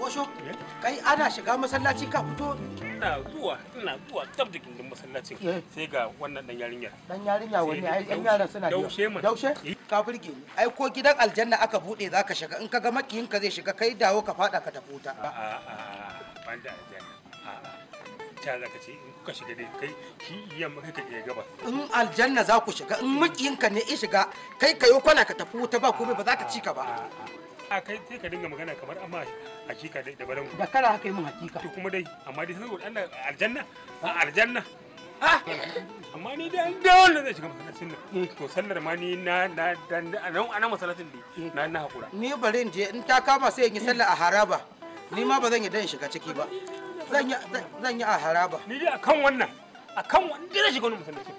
Osho, kai ana shiga masallaci ka fito? Ina zuwa, ina zuwa tab da gindin masallacin. Eh. Sai ga wannan dan yarinya. Dan yarinya wani ai dan yaran suna da. Daushe mu. Daushe? Eh. Ka burge ni. Ai ko gidan aljanna aka bude zaka shiga in ka ga makiyin ka zai shiga kai dawo ka fada ka tafi wuta. A'a, banda aljanna. ta zaka ce in kuka shiga dai kai shi yamma kai ka iya gaba in aljanna za ku shiga in makiyin ka ne ya shiga kai kayo kwana ka tafi wuta ba komai ba za ka ci ka ba a kai sai ka dinga magana kamar amma hakika da balangu da kara haka yi hakika to kuma dai amma dai saboda aljanna a aljanna ah! amma ni dai da wanda zai shiga masallacin nan eh. to sallar ma ni na na nan ana masallacin ne na na eh. hakura ni bari je in ta kama sai in yi sallar a haraba ni ma ba zan yi dan shiga ciki ba zan yi a haraba ni dai akan wannan akan wannan dai shiga wannan masallacin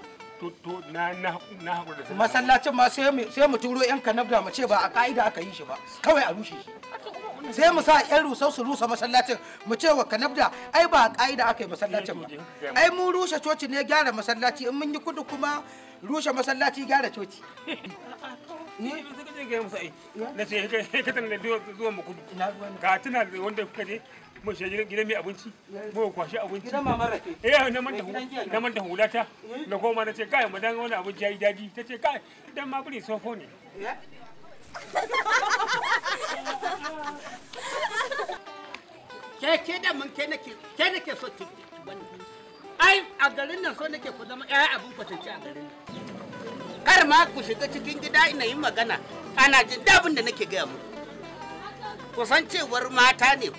to na na na hakuri da masallacin ma sai mu turo yan kanabda mu ce ba a ka'ida aka yi shi ba kawai a rushe shi sai mu sa yan rusa su rusa masallacin mu ce wa kanabda ai ba a ka'ida aka yi masallacin ba ai mu rushe coci ne gyara masallaci in mun yi kudu kuma rushe masallaci gyara coci ni ibin suka na ce ka mu ka shi gidan mai abinci mu kwashi abinci gidan mama rake eh na manta na manta hulata na goma na ce kai mu dan wani abinci yayi dadi ta ce kai dan ma buri sofo ne ke ke da mun ke nake ke nake so ki ai a garin nan so nake ku zama ƴaƴa abin kwatance a garin nan kar ma ku shiga cikin gida ina yin magana ana jin dabin da nake gaya muku san cewar mata ne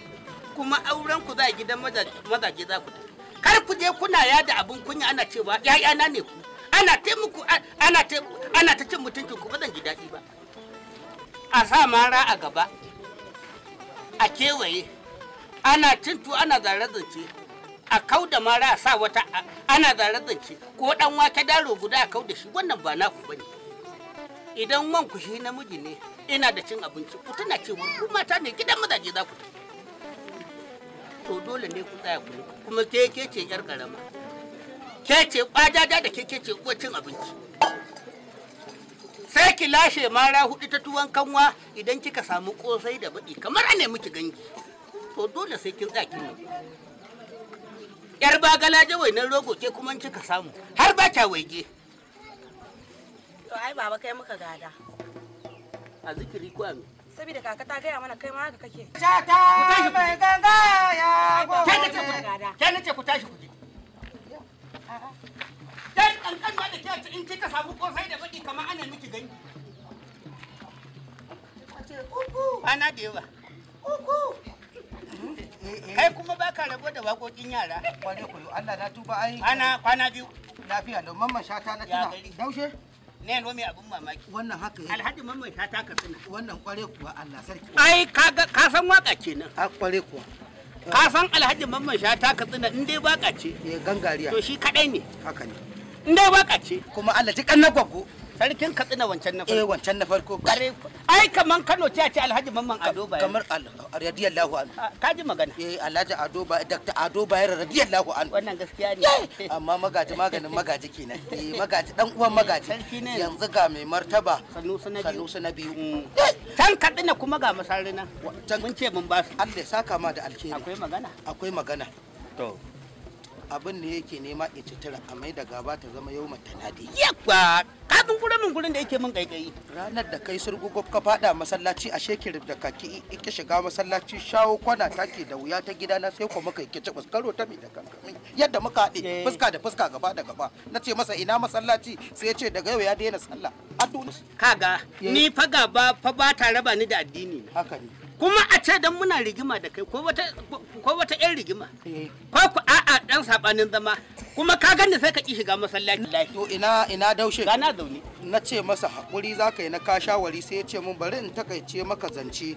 kuma auren ku za gidan mazaje za ku ta kar ku je kuna yada abin kunya ana cewa ya'yana ne ku ana ta muku ana ta ana ta cin mutuncin ku ba zan ji daɗi ba a sa mara a gaba a kewaye ana cin tu ana zare zance a kau da mara a sa wata ana zare zance ko dan wake daro guda a kau da shi wannan ba naku bane idan man ku shi namiji ne ina da cin abinci ku tana cewa ku mata ne gidan mazaje za ku to dole ne ku tsaya ku kuma ke ke ce yar karama ke ce kwajaja da ke ke ce ku cin abinci sai ki lashe mara hudu ta tuwon kanwa idan kika samu kosai da baki kamar a nemi ki gangi to dole sai kin tsaya kin yar bagala jawai nan rogo ke kuma kika samu har ba ta waige to ai baba kai muka gada a zikiri ko ami saboda kaka ta gaya mana kai ma haka kake ta ta mai ganga ya gobe kai nace ku gada kai nace ku tashi ku je dan kankan ma da ke ci in kika samu ko sai da baki kamar anan miki gani ana da yawa uku kai kuma baka rabo da waƙoƙin yara kwane koyo Allah na tuba ai ana kwana biyu lafiya da mamman shata na tuna daushe ne no mai abun mamaki wannan haka alhaji mamman shata ka tsina. wannan kware kuwa Allah sarki ai kaga ka san waka kenan a kware kuwa ka san alhaji mamman shata ka tsina in dai waka ce eh gangariya to shi kadai ne haka ne in dai waka ce kuma Allah ji kan na gwaggo sarkin katsina wancan na eh, farko eh wancan na farko kare ai kaman Kano ta ce Alhaji Mamman Ado ba. kamar radiyallahu anhu ah, kaji magana eh Alhaji Ado ba Dr. Ado ba radiyallahu anhu wannan gaskiya ne eh, amma magaji maganin magaji kenan eh magaji dan uwan magaji yanzu ga mai martaba Sanusi na biyu Sanusi na biyu mm. can katsina kuma ga masarina mun ce mun ba su Allah ya saka ma da alheri akwai magana akwai magana to abin ne yake nema ya tara, a mai da gaba ta zama yau matanadi yabba kafin dungure min gurin da yake min kaikayi ranar da kai surgugo ka fada masallaci a shekir da kaki ike shiga masallaci shawo kwana take da wuya ta gida na sai kuma kai ke ci fuskaro ta mai da kankamin yadda muka haɗe eh. fuska da fuska gaba da gaba na ce masa ina masallaci sai ya ce daga yau ya daina sallah a kaga eh. ni fa gaba fa ba ta raba ni da addini haka ne kuma a ce dan muna rigima da kai ko wata yan rigima eh. ko ku a'a dan sabanin zama kuma ka gani sai ka ki shiga masallaci to ina ina daushe ga na zaune na ce masa hakuri zaka yi na ka shawari sai ya ce mun bari in takaice maka zance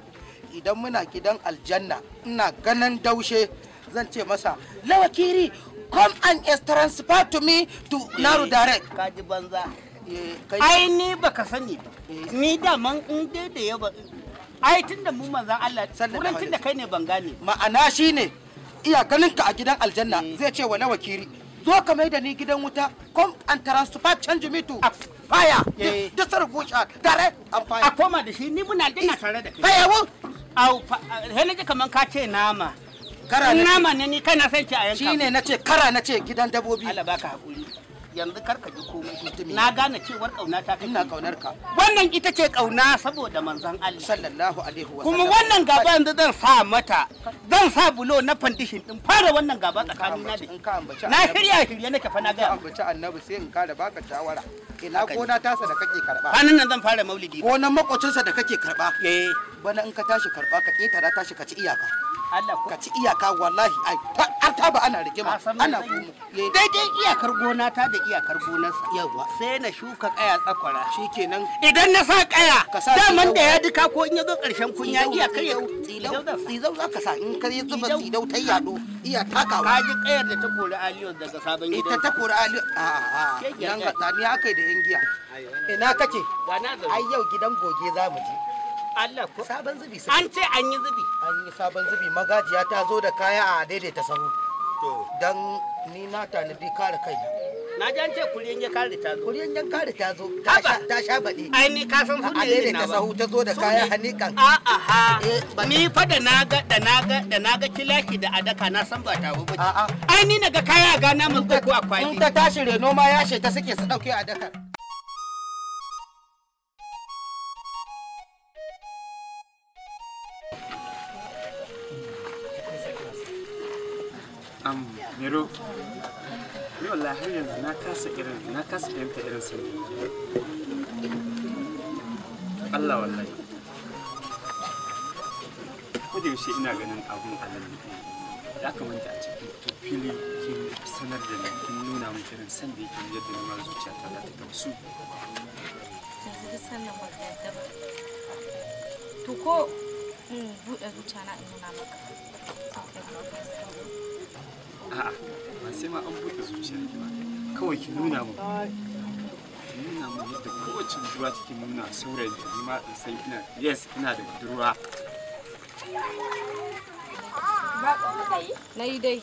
idan muna gidan aljanna ina ganin daushe zan ce masa lawakiri come and transfer to me to eh, naru direct kaji banza eh, ai ni baka sani ba ni man in dai da yaba ai tunda mu manzan Allah wurin tunda kai ne ban gane ma'ana shine iyakalinka a gidan aljanna mm. zai ce wa nawa kiri zo ka mai da ni gidan wuta kom an transfer change me to fire da eh. sarfusha tare an fire a koma da shi ni muna dina tare da kai fire wo au hele eh, kaman ka ce nama kara nama ne ni kai na san ki a yanka shine nace kara nace gidan dabobi Allah baka hakuri yanzu kar ka ji komai mutumi na gane cewar kauna ta kai ina kaunar ka wannan ita ce kauna saboda manzon Allah sallallahu alaihi wasallam kuma wannan gaba yanzu zan sa mata zan sa bulo na foundation din fara wannan gaba tsakanin na da na shirya shirye nake fa na ga ambaci annabi sai in kare baka shawara ina gona tasa da kake karba kwanan nan zan fara maulidi nan makocinsa da kake karba eh bana in ka tashi karba ka ketara tashi ka ci iyaka ka ci iyaka wallahi ai har ta ba ana rigima ana kuma eh. daidai iyakar gona ta da iyakar gonarsa yawa sai na shuka kaya tsakwara shikenan idan na sa kaya daman da ya duka ko in ya zo karshen kunya iyakar ya tsidau za ka sa in ka yi zuba tsidau ta yado iya takawa ka ji kayar da ta kori aliyu daga sabon gidan ita ta kori aliyu a'a nan ga tsani haka da yan giya ina kake ai yau gidan goge za mu je Allah ko sabon zubi an ce an yi zubi an yi sabon zubi magajiya ta zo da kaya a daidaita sahu to dan ni na tanadi kare kai. na ji an ce kuriyan ya kare ta zo kuriyan yan kare ta zo ta sha baɗi ai ni ka san sunne ne na ba ta zo da kaya hanikan a a ha eh, ni fa da na ga da na ga da na ga kilaki da adaka na san ba ta bu ba ai ni na ga kaya ga na mu ko akwati in ta tashi reno ma ya she ta suke su dauke adakar Iro. Ni wallahi har yanzu na kasa irin na kasa fahimta irin su. Allah wallahi. ko da yaushe ina ganin abun alal ya kamanta a cikin to fili kin sanar da ni kin nuna min irin san da yake yadda ni ma zuciyata za ta gamsu. Yanzu duk sannan ba ka yadda ba. To ko in buɗe zuciya na in nuna maka. a'a ba sai ma an buɗe zuciya ki ba kawai ki nuna mu ki nuna mu yadda kowace budurwa take nuna saurayin ta ni ma in san ina yes ina da budurwa ba ko muka yi na yi dai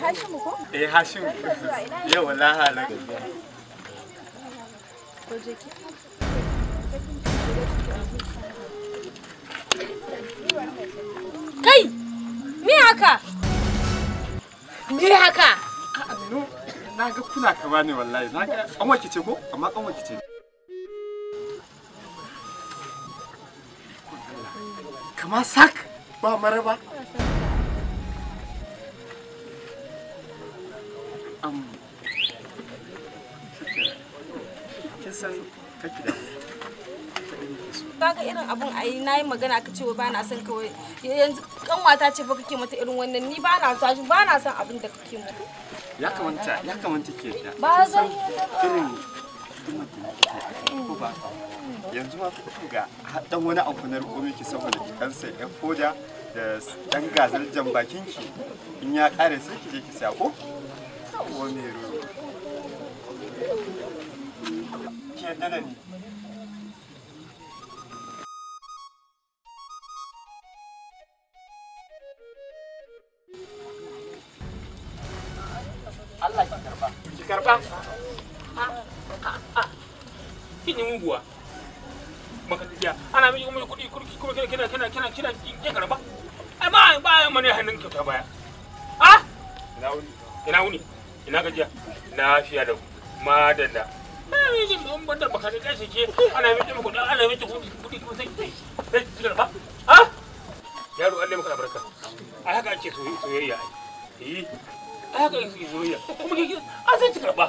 Hashimu ko? Eh Hashimu. Yau wallahi halan. Ko je ki? Kai! Me haka? Me haka? Na ga kuna ka bani wallahi. Na ga kanwa ce ko? Amma kanwa ce. Kama sak ba maraba. Am. Kin san kake kaga irin abun ayi nayi magana ka ce ba na son kawai yanzu kanwata ce fa kake mata irin wannan ni ba na sa ba na son abin da kake mata ya kamanta ya kamanta ke da ba zan irin ba yanzu ma ga dan wani abu na riko miki saboda ki dan sai ya foda da dan gazal jan bakin ki in ya kare sai ki je ki sako ko wani mai roro da unguwa maka ana miji kuma kuɗi kurki kuma kina kina kina kina kina karba ai ba ba ya hannun baya ina wuni ina wuni ina gajiya lafiya da madalla ai mun banda ke ana ana kuma sai sai yaro Allah maka ai haka ake soyayya ai eh haka ake soyayya kuma sai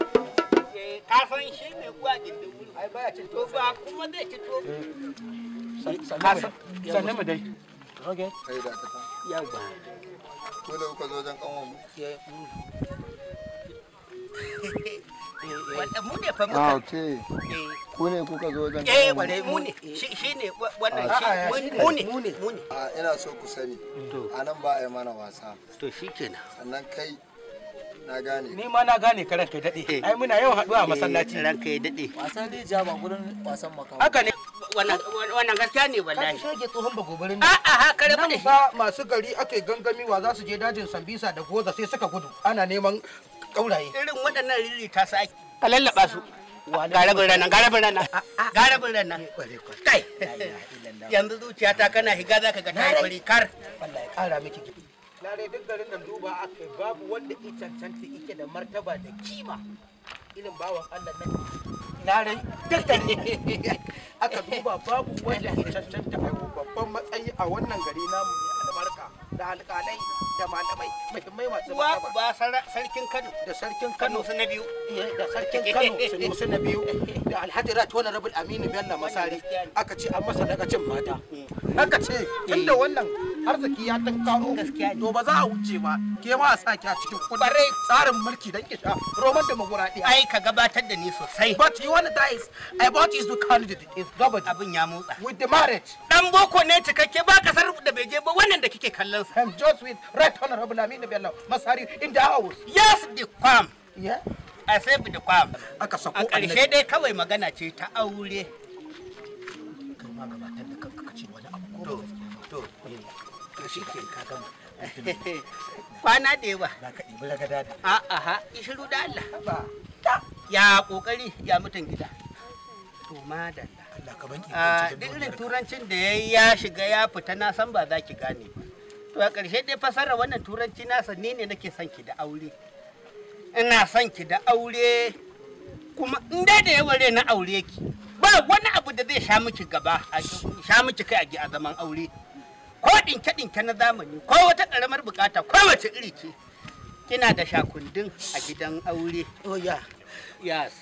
ka shi ne uwa gindin wuri ai baya cin tofu ba kuma zai ci tofu sannan mu dai oke ai da ta yawa ko da kuka zo wajen kanwan mu eh, eh, eh. mu ne fa muka ce ah, ku ne kuka zo wajen eh wanda ah, ah, mu ne shi ne wannan shi mu ne mu ne ina so ku sani a nan ba a mana wasa to shikenan sannan kai na gane ni ma na gane ka ranka dade eh. ai muna yau haduwa a masallaci eh, ranka ya dade wasan dai ja ba gurin wasan maka haka ne wannan gaskiya ne wallahi ka shege tsohon ba gobarin a a ha kare bane fa masu gari ake gangami wa za su je dajin sambisa da goza sai suka gudu ana neman kauraye irin waɗannan ririta su ake ka lallaba su garabin ranar garabin ranar garabin ranar eh, kai yanzu ta kana higa za ka ga ta yi kar wallahi kara miki lare duk garin nan duba aka babu wanda ke cancanta ike da martaba da kima irin bawan Allah nan lare duk da ne aka duba babu wanda ke cancanta kai babban matsayi a wannan gari namu ne albarka da alƙalai da malamai muhimmai masu martaba ba sarkin Kano da sarkin Kano su na biyu eh, da sarkin Kano su na biyu da Alhaji Rat wala Rabul Aminu Bello Masari aka ce an masa daga cin mata hmm. aka ce tunda hmm. wannan arziki ya tun karo to ba za a wuce ba ke ma a saki a cikin kudare tsarin mulki dan ki sha roman demokuraɗiyya ai ka gabatar da ni sosai but you want to die i bought is the candidate is governed abin ya motsa with the marriage dan boko ne cikakke ba kasar da bai je ba wannan da kike kallon sa i'm just with right honorable aminu bello masari in the house yes the kwam yeah a say with the kwam aka sako a ƙarshe dai kawai magana ce ta aure kuma gabatar da to shi ke ka gama kwana da yawa za ka ɗibi ragada da a a ha shiru da Allah ya kokari ya mutan gida to madalla Allah ka banki ah, duk irin turancin da yayi ya shiga ya fita na san ba za ki gane to a ƙarshe dai fasara wannan turanci nasa ni ne nake son ki da aure ina son ki da aure kuma in da yawa na aure ki ba wani abu da zai sha miki gaba sha miki kai a zaman aure ko ɗinke-ɗinke na zamani ko wata ƙaramar bukata ko wace iri ce kina da shakundin a gidan aure oh ya yes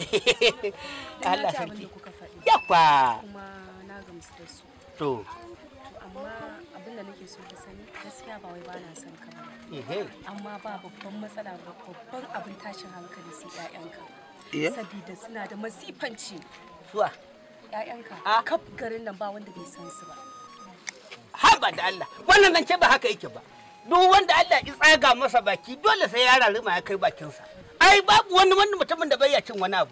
Allah sarki kwa kuma na gamsu da su to amma abin da nake so ka sani gaskiya ba wai bana son ka ba mm-hmm. amma ba babban matsala ba babban abin tashin hankali sai ƴaƴanka sabida suna da masifanci zuwa 'ya'yanka kaf garin nan ba wanda bai san su ba haba da Allah wannan nan ce ba haka yake ba duk wanda Allah ya tsaga masa baki dole sai ya rarruma ya kai bakinsa ai babu wani wani mutumin da bai cin wani abu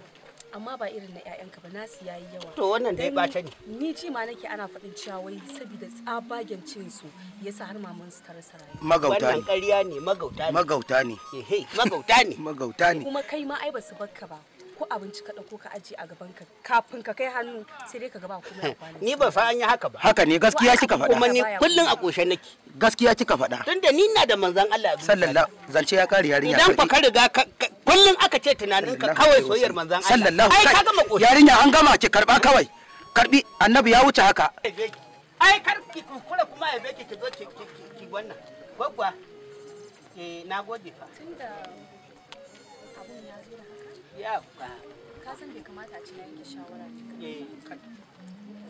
amma ba irin na 'ya'yanka ba nasu yayi yawa to wannan dai bata ne ni ji ma nake ana faɗin cewa wai saboda tsabagen cin su yasa har maman su ta rasa rayuwa magauta ne wannan ƙarya ne magauta ne magauta ne eh, magauta ne magauta ne kuma kai ma ai ba su bakka ba ko abinci ka dauko ka aje a gaban ka kafin ka kai hannu sai dai ka gaba kuma ya kwana ni ba fa an yi haka ba haka ne gaskiya kika faɗa kuma ni kullun a koshe nake gaskiya kika faɗa tunda ni na da manzon Allah sallallahu zance ya kare yarinya idan fa ka riga kullun aka ce tunanin ka kawai soyayyar manzon Allah sallallahu ai ka gama koshe yarinya an gama ki karba kawai karbi annabi ya wuce haka ai kar ki kula kuma ya beki ki zo ki ki wannan gwaggwa eh nagode fa tunda abun ya zira Ka san bai kamata a ce na yanke shawara eh,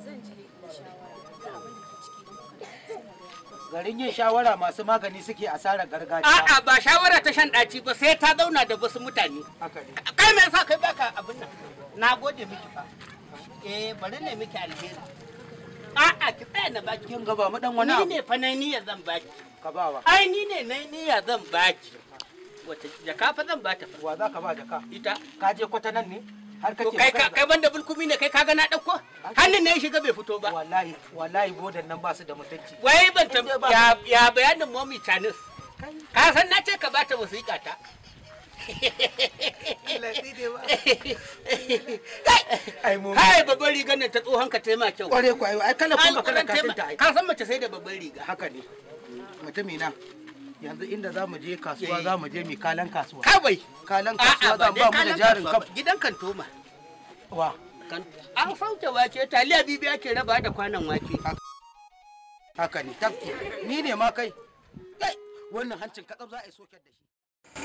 Zan je shawara da abin da ke ciki Garin yin shawara masu magani suke asarar gargajiya. A'a ba shawara ta shan ɗaci ba sai ta zauna da wasu mutane. Kai me yasa kai baka abin nan? Na gode miki fa. Eh bari ne miki alheri. A'a ki tsaya na baki. Kin ga ba mu dan wani Ni ne fa na niyya zan baki. Ka bawa. Ai ni ne na niyya zan baki. wata jaka fa zan bata fa wa za ka ba jaka ita ka je kwata nan ne har kake kai kai banda bulkumi ne kai kaga na dauko hannun ne ya shiga bai fito ba wallahi wallahi bodan nan ba su da mutunci wai ban ya ya bayanin mommy chanis ka san na ce ka bata wasiƙa ta Kai babban riga nan ta tsohon ka taima kyau. Kware kwayo, ai kana kuma kana kafinta ai. Ka san mace sai da babban riga. Haka ne. Mutumina. yanzu inda za mu je kasuwa eh. za mu je mai kalan kasuwa kawai kalan kasuwa za mu ba mu da jarin kaf gidan kantoma wa an sauke wace taliya bibi ake raba da kwanan wake haka ne tafki ni ne ma kai wannan hancin katsaf za a yi soket da shi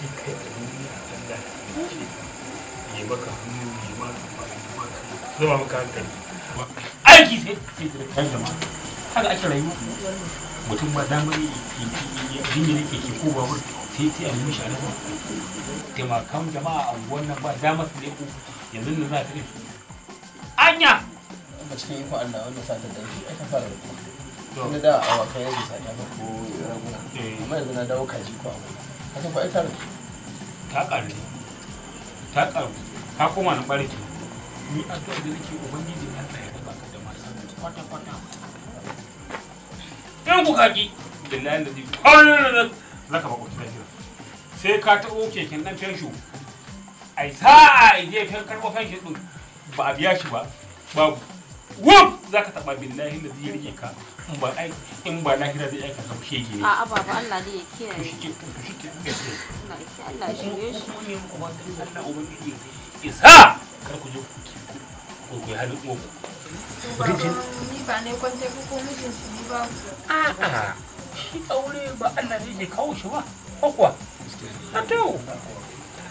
ce kai da nuni a kan da ce maka hannu yi maka maka hankali aiki sai sai da kan jama'a haka ake rayuwa mutum ba dama jingina ke ke ko babur sai sai a nemi shi a rasa taimakon jama'a a nan ba dama su ne ko yanzu nan za ta ne su anya ba cikin ikon Allah wanda satar da shi aka fara da ne da a awakai yadda ta ba ko raguna amma yanzu na dawo kaji ko abu haka ko ita rufe ta karu ta karu ta koma na barki ni addu'a da nake ubangiji Allah ya raba ka da masu kwata kwata nan ku kaki billahi da zai kwanan za ka bako tunan jira sai ka taɓo keken ɗan fensho ai sa'a a je fen karɓo fensho ɗin ba a biya shi ba babu wuf za ka taɓa billahi da zai rike ka in ba ai in ba na kira zai aika ka shege ne a'a baba Allah ne ya kiyaye shi ke shi ke Allah ya shige shi ku ne ku ba Allah ubangiji isa kar ku je ku ku halin ku mijin ni ba ne kwanta ko ko mijin su ni ba a'a shi aure ba Allah ne ke kawo shi ba ko kuwa a to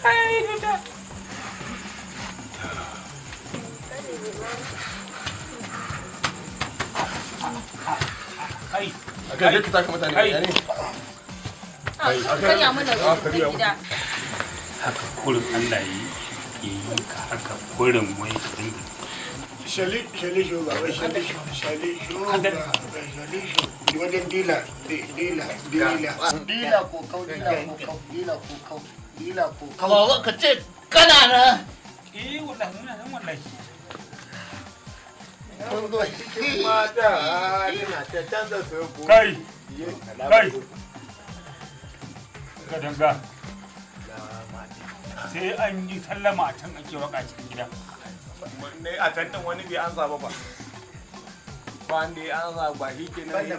ai da da ai a ga ka taka mutane ai ai a ga ya mana gida haka kullum Allah yi yi haka kullum wai dinga shalik shalik shu ba shalik shu shalik dila ko kau dila ko kau dila ko kau dila ko kau Kau ka ce na eh wallahi muna nan Kau, sai an yi sallama a can ake waka cikin gida ne a tantan wani bai ansa ba ba ba ne ansa ba shi ke nan ya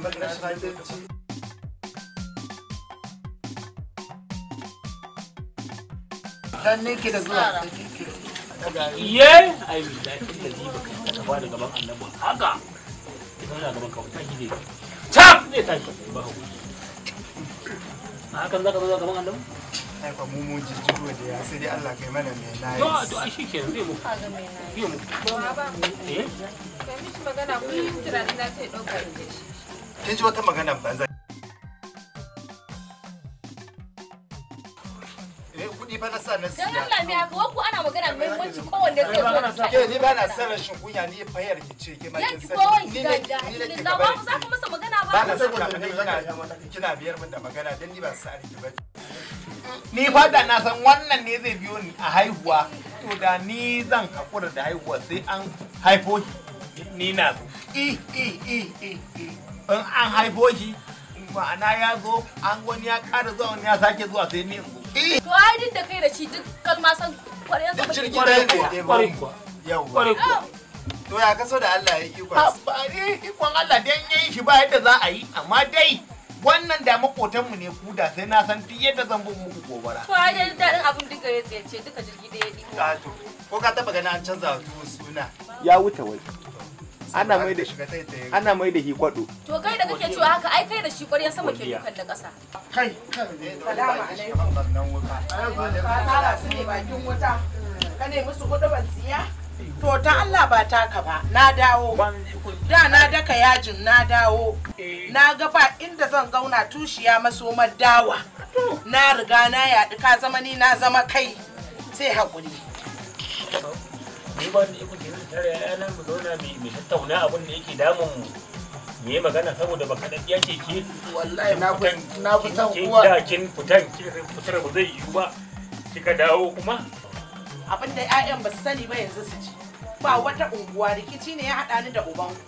ne ke da zuwa ye ai mi da ita ji baka ta ba da gaban annabi haka idan da gaban kawai tashi ne tap ne tashi ba hakan zaka zo gaban annabi ai fa jijjigo da ya sai dai Allah kai mana mai nayi to to ai shikenan zai mu kaga mai nayi mu eh kai magana ku yi tunanin da sai dauka kin ji wata magana banza eh, kuɗi fa na sa na siya. Dan Allah me aka wanku ana magana muhimmanci kowanne zai zo. Ke ni ba na san rashin kunya ni fa ki ce ke ma san. Ni ne ni ne ba. Ba za ku masa magana ba. Ba na san kina biyar mun da magana dan ni ba sa ki ba. ni fada na san wannan ne zai biyo ni a haihuwa to da ni zan hakura da haihuwa sai an haifo shi ni na so i i i i in an haifo shi ma'ana ya zo an wani ya ƙara zuwa wani ya sake zuwa sai ni in to ai duk da kai da shi duk kalma san kwarewa sa ba. kwarewa kuwa yawwa to ya kaso da Allah ya ikon ba ikon Allah dan yayin shi ba yadda za a yi amma dai wannan da makotan mu ne ku da sai na san duk yadda zan bin muku gobara to ai da dadin abin duka ya ce duka jirgi da ya diko ka ah, to ko ka taba ganin an canza su suna ya wuce wai ana mai da ana mai da hikwado to kai da kake cewa haka ai kai da shi ƙwarya sama ke dukan da ƙasa kai salamu alaikum nan wuta ai ba da su ne bakin wuta ka ne musu kudu ban siya to ta Allah ba taka ba na dawo da na daka yajin na dawo eh. na ga ba inda zan gauna tushiya masomar dawa na riga na yaɗu, ka zama ni na zama kai sai haƙuri ba ni ikon da tare yana mu zauna mai tattauna abin da yake damun mu me yi magana saboda baka da yake ke wallahi na fi san uwa kin fitan kin fitar ba zai yiwu ba kika dawo kuma abinda 'ya'yan ba su sani ba yanzu su ci ba wata unguwa rikici ne ya haɗa ni da ubanku.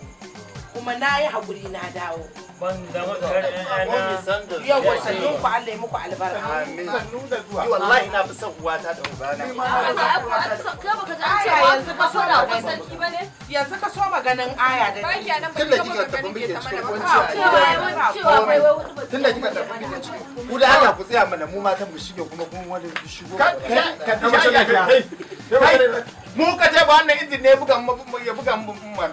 kuma na yi haƙuri na dawo ban zama tare da ƴaƴana yau wa sannun ku Allah muku albarka amin sannu da zuwa fi son uwata da ubana ni yanzu ba maganin aya da ni tun da kika tafi muke cikin kwanciya cewa bai wai wani tun da kika mana mu matan mu shige kuma kun wani shigo ka ba. mu ka ce ba wannan injin ne buga ya buga mu